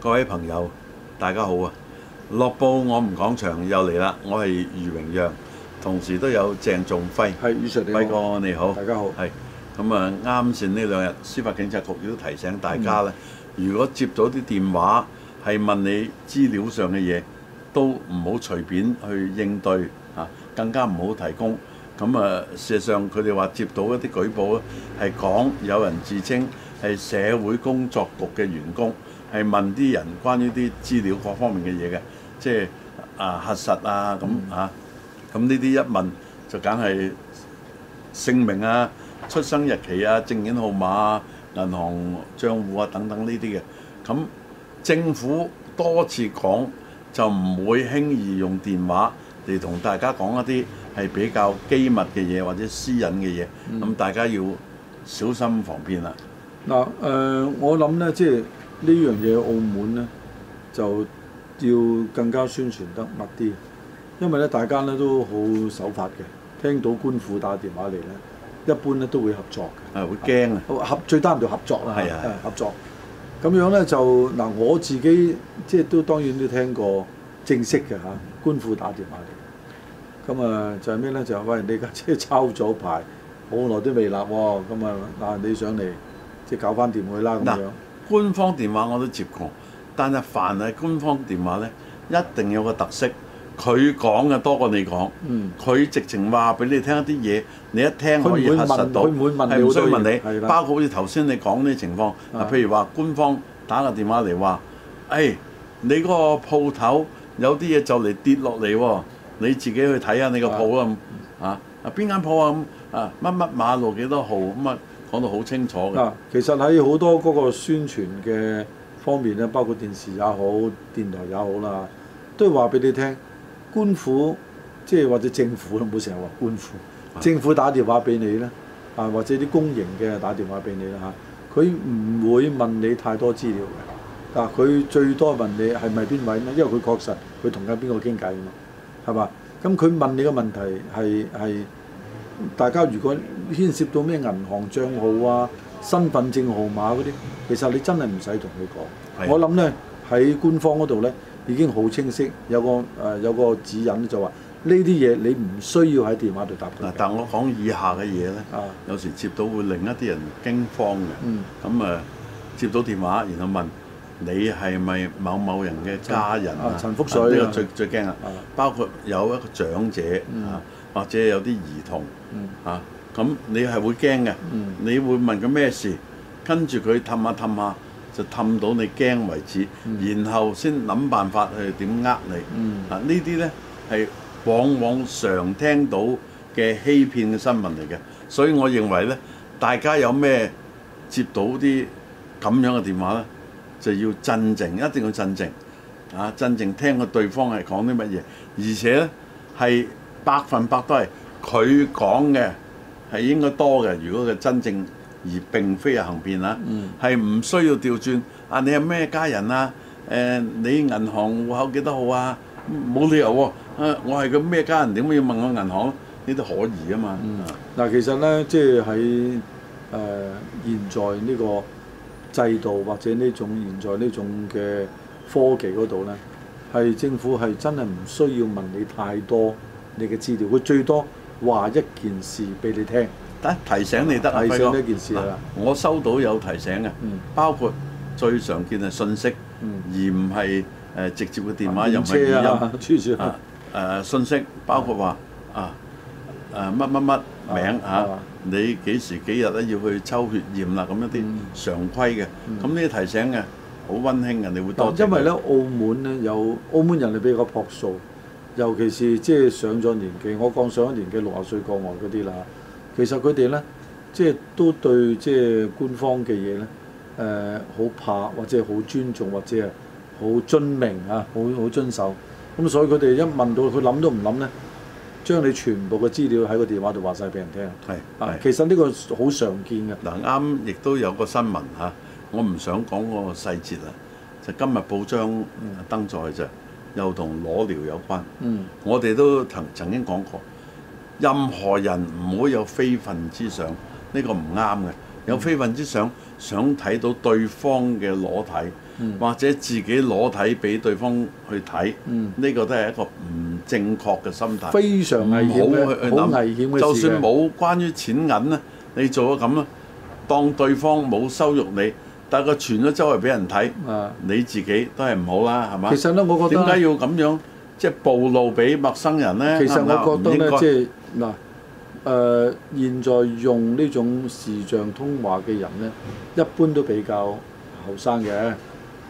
各位朋友，大家好啊！樂報我們講場又嚟啦，我係余榮陽，同時都有鄭仲輝，係余 Sir，輝哥你好，Michael，你好，大家好，係咁啊！啱先呢兩日，司法警察局亦都提醒大家啦，嗯、如果接咗啲電話係問你資料上嘅嘢，都唔好隨便去應對啊，更加唔好提供。咁啊，事實上佢哋話接到一啲舉報咧，係講有人自稱係社會工作局嘅員工，係問啲人關於啲資料各方面嘅嘢嘅，即係啊核實啊咁啊，咁呢啲一問就梗係姓名啊、出生日期啊、證件號碼啊、銀行賬戶啊等等呢啲嘅。咁、嗯、政府多次講就唔會輕易用電話嚟同大家講一啲。係比較機密嘅嘢或者私隱嘅嘢，咁、嗯、大家要小心防騙啦。嗱誒、嗯呃，我諗呢，即係呢樣嘢澳門呢，就要更加宣傳得密啲，因為呢，大家呢都好守法嘅，聽到官府打電話嚟呢，一般呢都會合作嘅。係會驚啊！合最唔到合作啦，係的啊，合作。咁樣呢，就嗱、呃，我自己即係都當然都聽過正式嘅嚇、啊、官府打電話嚟。咁啊、嗯，就係咩咧？就係、是、喂，你架車抄咗牌，好耐都未立喎、哦。咁、嗯、啊，但、嗯、嗱，你上嚟即係搞翻掂佢啦。咁樣、呃，官方電話我都接過，但係凡係官方電話咧，一定有個特色，佢講嘅多過你講。嗯。佢直情話俾你聽一啲嘢，你一聽可以核實到。佢唔會，會問，佢唔會問，唔需要問你。係啦。包括好似頭先你講啲情況，嗱、呃，譬如話官方打個電話嚟話，誒、哎，你嗰個鋪頭有啲嘢就嚟跌落嚟喎。你自己去睇下你個鋪啊，啊邊間鋪啊，啊乜乜馬路幾多號咁，啊講到好清楚嘅、啊。其實喺好多嗰個宣傳嘅方面咧，包括電視也好、電台也好啦，都係話俾你聽。官府，即係或者政府，都唔好成日話官府。政府打電話俾你咧，啊或者啲公營嘅打電話俾你啦嚇，佢、啊、唔會問你太多資料嘅。但、啊、佢最多問你係咪邊位咧，因為佢確實佢同緊邊個傾偈。係嘛？咁佢問你嘅問題係係大家如果牽涉到咩銀行帳號啊、身份證號碼嗰啲，其實你真係唔使同佢講。的我諗呢喺官方嗰度呢已經好清晰，有個誒、呃、有個指引就話呢啲嘢你唔需要喺電話度答佢。嗱，但我講以下嘅嘢呢，啊、有時接到會令一啲人驚慌嘅。咁誒、嗯、接到電話然後問。你係咪某某人嘅家人啊？陳福水呢、啊呢個最最驚啊！啊包括有一個長者、嗯、啊，或者有啲兒童、嗯、啊，咁你係會驚嘅，嗯、你會問佢咩事，跟住佢氹下氹下，就氹到你驚為止，嗯、然後先諗辦法去點呃你、嗯、啊！呢啲呢係往往常聽到嘅欺騙嘅新聞嚟嘅，所以我認為呢，大家有咩接到啲咁樣嘅電話呢？就要鎮靜，一定要鎮靜啊！鎮靜聽個對方係講啲乜嘢，而且咧係百分百都係佢講嘅係應該多嘅。如果佢真正而並非係行騙啦，係唔、嗯、需要調轉啊！你係咩家人啊？誒、啊，你銀行戶口幾多號啊？冇理由喎、啊啊！我係個咩家人？點解要問我銀行、啊？呢啲可疑啊嘛！嗱、嗯，啊、其實咧，即係喺誒現在呢、呢個。制度或者呢種現在呢種嘅科技嗰度呢，係政府係真係唔需要問你太多你嘅資料，佢最多話一件事俾你聽。得提醒你，得提醒呢件事我收到有提醒嘅，嗯、包括最常見嘅信息，嗯、而唔係誒直接嘅電話入又唔係語音啊，誒、啊呃、信息包括話啊乜乜乜。啊啊名嚇，啊、你幾時幾日咧要去抽血驗啦？咁一啲常規嘅，咁呢啲提醒嘅，好溫馨嘅，你會多。因為咧，澳門咧有澳門人係比較樸素，尤其是即係上咗年紀，我講上咗年紀六十歲過外嗰啲啦，其實佢哋咧即係都對即係官方嘅嘢咧，誒、呃、好怕或者好尊重或者係好遵明啊，好好遵守。咁所以佢哋一問到佢諗都唔諗咧。將你全部嘅資料喺個電話度話晒俾人聽，係、啊，其實呢個好常見嘅。嗱啱，亦都有個新聞嚇，我唔想講個細節啦，就今日報章登載就、嗯、又同裸聊有關。嗯，我哋都曾曾經講過，任何人唔會有非分之想，呢、這個唔啱嘅，有非分之想。嗯嗯想睇到對方嘅裸體，嗯、或者自己裸體俾對方去睇，呢、嗯、個都係一個唔正確嘅心態。非常危險，好危險，就算冇關於錢銀咧，你做咗咁咧，當對方冇羞辱你，但係佢傳咗周圍俾人睇，啊、你自己都係唔好啦，係嘛？其實咧，我覺得點解要咁樣即係、就是、暴露俾陌生人呢？其實對對我覺得即係應誒、呃，現在用呢種視像通話嘅人呢，一般都比較後生嘅，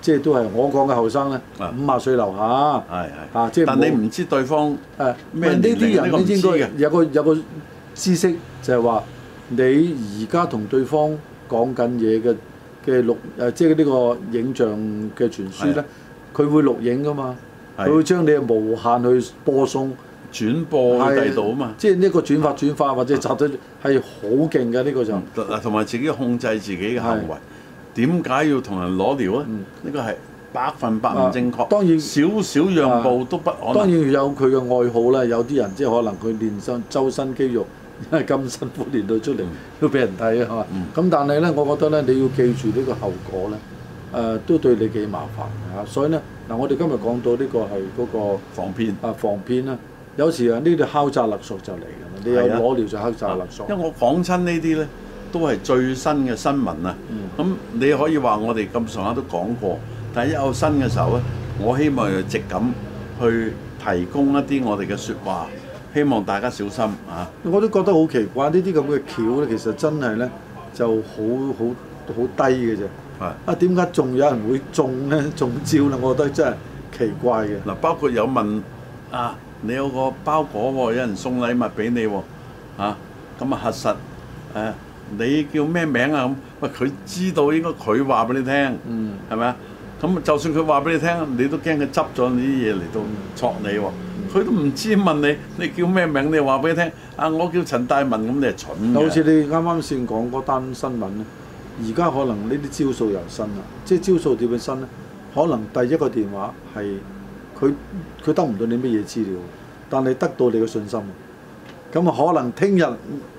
即係都係我講嘅後生呢。五十、啊、歲樓下，係係、啊、但 即係。但你唔知對方誒呢啲人應該有個有個知識，就係話你而家同對方講緊嘢嘅嘅錄、呃、即係呢個影像嘅傳輸呢，佢是會錄影㗎嘛，佢的會將你無限去播送。轉播去第度啊嘛，啊即係呢個轉發轉化，或者集體係好勁嘅呢個就同埋、嗯、自己控制自己嘅行為，點解、嗯、要同人攞尿啊？呢、嗯、個係百分百唔正確。啊、當然少少讓步都不可能。啊、當然要有佢嘅愛好啦。有啲人即係可能佢練身，周身肌肉因為咁 辛苦練到出嚟、嗯、都俾人睇啊嘛。咁、嗯嗯、但係呢，我覺得呢，你要記住呢個後果呢，誒、呃、都對你幾麻煩嚇。所以呢，嗱，我哋今日講到呢個係嗰個、那個、防騙啊，防騙啦。有時啊，呢度敲詐勒索就嚟㗎啦！你又攞料就敲詐勒索。因為我講親呢啲咧，都係最新嘅新聞啊。咁、嗯、你可以話我哋咁上下都講過，但係一有新嘅時候咧，嗯、我希望就直噉去提供一啲我哋嘅説話，希望大家小心嚇。啊、我都覺得好奇怪，呢啲咁嘅橋咧，其實真係咧就好好好低嘅啫。嗯、啊，點解仲有人會中咧？中招咧，我覺得真係奇怪嘅。嗱、嗯，包括有問啊。你有個包裹喎、哦，有人送禮物俾你喎、哦，咁啊核實誒、啊，你叫咩名啊咁？喂，佢知道應該佢話俾你聽，嗯，係咪啊？咁、嗯嗯、就算佢話俾你聽，你都驚佢執咗你啲嘢嚟到捉你喎、哦。佢、嗯嗯、都唔知問你你叫咩名，你話俾佢聽。啊，我叫陳大文咁、嗯，你係蠢。好似你啱啱先講嗰單新聞咧，而家可能呢啲招數又新啦。即係招數點樣新咧？可能第一個電話係。佢佢得唔到你乜嘢資料，但係得到你嘅信心。咁啊，可能聽日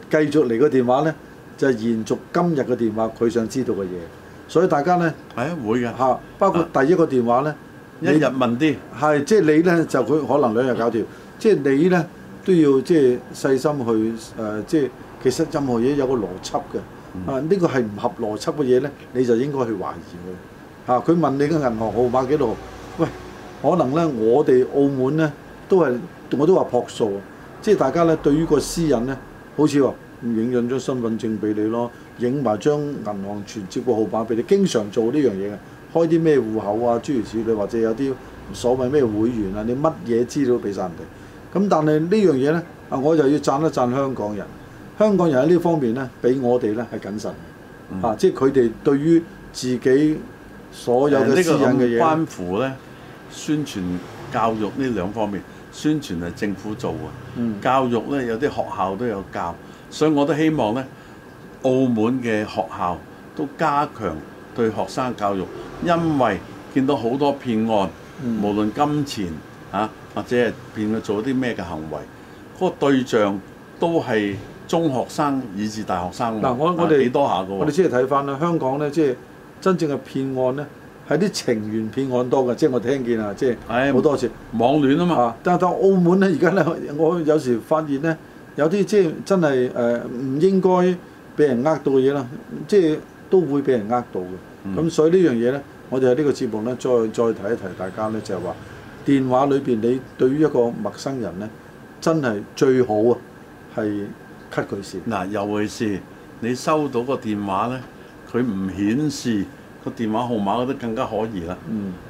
繼續嚟個電話咧，就係延續今日嘅電話，佢想知道嘅嘢。所以大家咧，係啊，會嘅嚇。包括第一個電話咧，一日問啲係，即係你咧就佢可能兩日搞掂，即係你咧都要即係細心去誒，即係其實任何嘢有個邏輯嘅。啊，呢個係唔合邏輯嘅嘢咧，你就應該去懷疑佢嚇。佢問你個銀行號碼幾多號？喂！可能呢，我哋澳門呢，都係，我都話樸素啊，即係大家呢對於個私隱呢，好似話影印張身份證俾你咯，影埋張銀行存折個號碼俾你，經常做呢樣嘢啊，開啲咩戶口啊，諸如此類，或者有啲所謂咩會員啊，你乜嘢資料都俾晒人哋。咁但係呢樣嘢呢，啊我就要讚一讚香港人，香港人喺呢方面呢，比我哋呢係謹慎、嗯、啊，即係佢哋對於自己所有嘅私隱嘅嘢關乎呢。宣傳教育呢兩方面，宣傳係政府做嘅，嗯、教育咧有啲學校都有教，所以我都希望咧，澳門嘅學校都加強對學生教育，因為見到好多騙案，嗯、無論金錢啊或者係騙佢做啲咩嘅行為嗰、嗰個對象都係中學生以至大學生，嗱、啊，我我哋、啊、幾多下嘅？我哋先係睇翻啦，香港咧即係真正嘅騙案咧。係啲情緣騙案多嘅，即係我聽見、哎、啊，即係好多次網戀啊嘛。但係當澳門呢，而家呢，我有時發現呢，有啲即係真係誒唔應該俾人呃到嘅嘢啦，即係都會俾人呃到嘅。咁、嗯、所以呢樣嘢呢，我哋喺呢個節目呢，再再提一提大家呢，就係、是、話電話裏邊你對於一個陌生人呢，真係最好啊，係 cut 佢線嗱，尤其是你收到個電話呢，佢唔顯示。個電話號碼都更加可疑啦，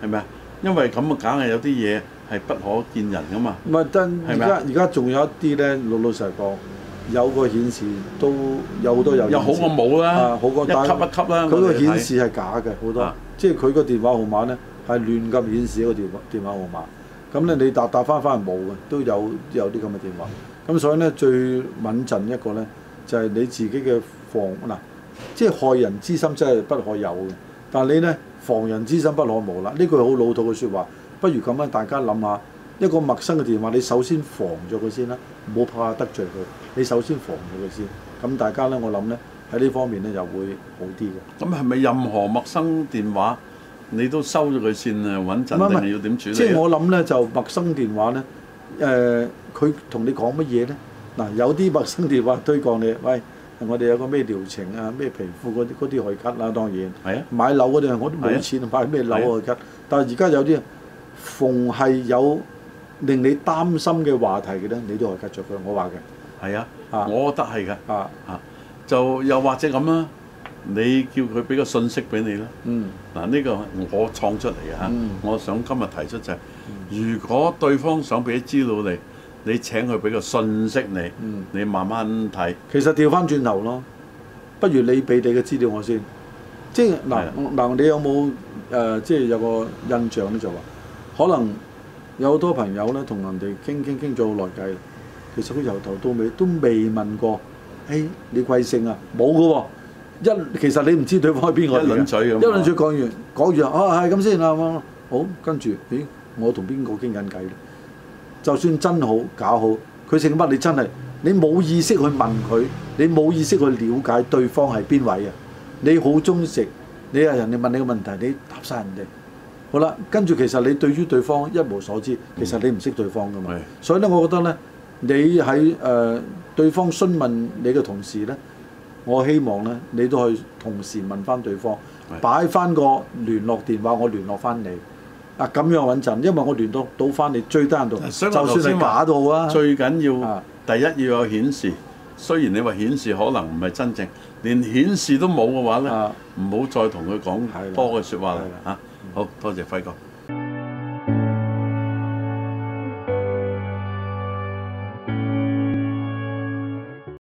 係咪啊？因為咁啊，梗係有啲嘢係不可見人噶嘛。唔係真，而家而家仲有一啲咧，老老實實講，有個顯示都有好多有。有好過冇啦，好過一級一級啦。佢個顯示係假嘅，好多。即係佢個電話號碼咧係亂咁顯示一個電話電話號碼。咁咧你搭搭翻翻係冇嘅，都有有啲咁嘅電話。咁所以咧最穩陣一個咧就係你自己嘅防嗱，即係害人之心真係不可有嘅。但係你呢，防人之心不可無啦，呢句好老土嘅説話，不如咁樣，大家諗下一個陌生嘅電話，你首先防咗佢先啦，唔好怕得罪佢，你首先防咗佢先。咁大家呢，我諗呢，喺呢方面呢就會好啲嘅。咁係咪任何陌生電話你都收咗佢先啊？穩陣定係要點處理？即係我諗呢，就陌生電話呢，誒、呃，佢同你講乜嘢呢？嗱，有啲陌生電話推講你。喂。我哋有個咩療程啊，咩皮膚嗰啲嗰啲可以咳啦、啊，當然。係啊。買樓嗰啲，我都冇錢買咩樓去，咳。但係而家有啲，逢係有令你擔心嘅話題嘅咧，你都可以咳着佢，我話嘅。係啊。啊我覺得係嘅。啊啊，就又或者咁啦，你叫佢俾個信息俾你啦。嗯、啊。嗱、這、呢個我創出嚟啊，我想今日提出就係、是，如果對方想俾啲資料你。你請佢俾個信息你，你慢慢睇。其實調翻轉頭咯，不如你俾你嘅資料我先。即係嗱嗱，你有冇誒？即係有個印象咧，就話可能有好多朋友咧，同人哋傾傾傾咗好耐偈，其實佢由頭到尾都未問過。誒，你貴姓啊？冇噶喎。一其實你唔知對方係邊個嚟。一輪嘴咁。一輪嘴講完，講完啊，係咁先啦。好，跟住，咦，我同邊個傾緊偈咧？就算真好假好，佢姓乜？你真係你冇意識去問佢，你冇意識去了解對方係邊位啊？你好中意食，你啊人哋問你個問題，你答曬人哋。好啦，跟住其實你對於對方一無所知，其實你唔識對方噶嘛。所以咧，我覺得咧，你喺誒對方詢問你嘅同時咧，我希望咧，你都去同時問翻對方，擺翻個聯絡電話，我聯絡翻你。啊，咁樣穩陣，因為我聯絡到翻你最低限度，就算你碼到啊！最緊要第一要有顯示，啊、雖然你話顯示可能唔係真正，連顯示都冇嘅話咧，唔好、啊、再同佢講多嘅説話嚟。嚇、啊。好，多謝輝哥。